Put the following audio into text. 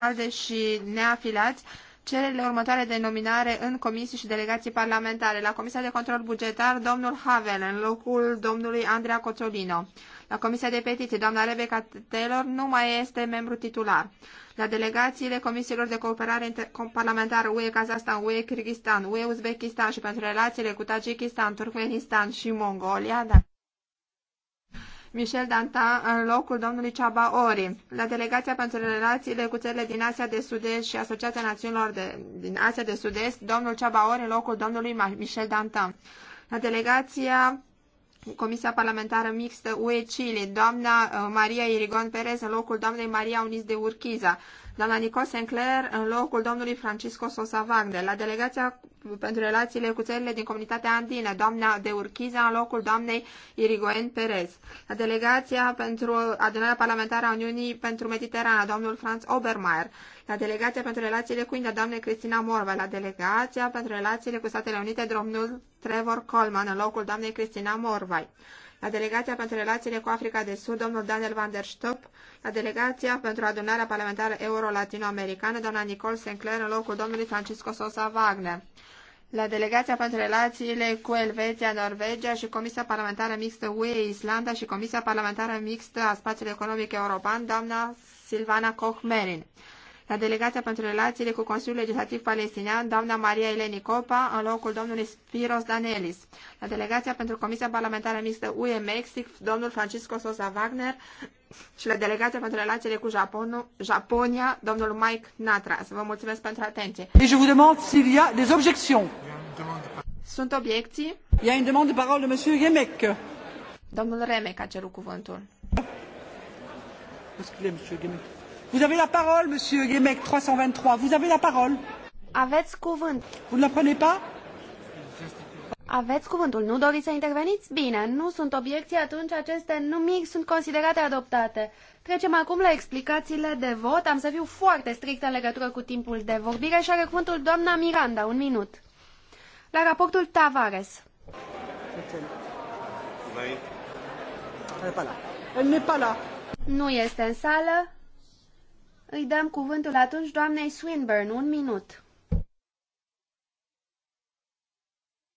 alde și neafilați cererile următoare de nominare în comisii și delegații parlamentare. La Comisia de Control Bugetar, domnul Havel, în locul domnului Andrea Coțolino. La Comisia de Petiții, doamna Rebecca Taylor nu mai este membru titular. La delegațiile Comisiilor de Cooperare Parlamentară UE, Kazahstan, UE, Kyrgyzstan, UE, Uzbekistan și pentru relațiile cu Tajikistan, Turkmenistan și Mongolia, da. Michel Dantin în locul domnului Chaba Ori la Delegația pentru Relațiile cu țările din Asia de Sud-Est și Asociația Națiunilor de, din Asia de Sud-Est, domnul Chaba Ori în locul domnului Michel Dantin. La Delegația Comisia Parlamentară Mixtă UE Chile, doamna uh, Maria Irigon Perez în locul doamnei Maria Unis de Urchiza doamna Nicole Sinclair în locul domnului Francisco Sosa Wagner, la delegația pentru relațiile cu țările din comunitatea andină, doamna de Urchiza în locul doamnei Irigoyen Perez, la delegația pentru adunarea parlamentară a Uniunii pentru Mediterana, domnul Franz Obermeier, la delegația pentru relațiile cu India, doamne Cristina Morva, la delegația pentru relațiile cu Statele Unite, domnul Trevor Coleman, în locul doamnei Cristina Morvai la Delegația pentru Relațiile cu Africa de Sud, domnul Daniel van der Stop, la Delegația pentru Adunarea Parlamentară Euro-Latino-Americană, doamna Nicole Sinclair, în locul domnului Francisco Sosa Wagner, la Delegația pentru Relațiile cu Elveția, Norvegia și Comisia Parlamentară Mixtă UE, Islanda și Comisia Parlamentară Mixtă a Spațiului Economic European, doamna Silvana Koch-Merin la Delegația pentru Relațiile cu Consiliul Legislativ Palestinian, doamna Maria Eleni Copa, în locul domnului Spiros Danelis, la Delegația pentru Comisia Parlamentară Mixtă UE Mexic, domnul Francisco Sosa Wagner și la Delegația pentru Relațiile cu Japonu, Japonia, domnul Mike Natras. Vă mulțumesc pentru atenție. je vous demande s'il y a des objections. Sunt obiecții? Il y a une demande de parole de monsieur Yemek. Domnul Remek a cerut cuvântul. Parce qu'il est monsieur Yemek. Vous avez la parole, monsieur Guémec 323. Vous avez la parole. Aveți cuvânt. Vous ne la prenez pas? Aveți cuvântul. Nu doriți să interveniți? Bine, nu sunt obiecții, atunci aceste numiri sunt considerate adoptate. Trecem acum la explicațiile de vot. Am să fiu foarte strict în legătură cu timpul de vorbire și are cuvântul doamna Miranda. Un minut. La raportul Tavares. Nu este în sală. Îi dăm cuvântul atunci doamnei Swinburne, un minut.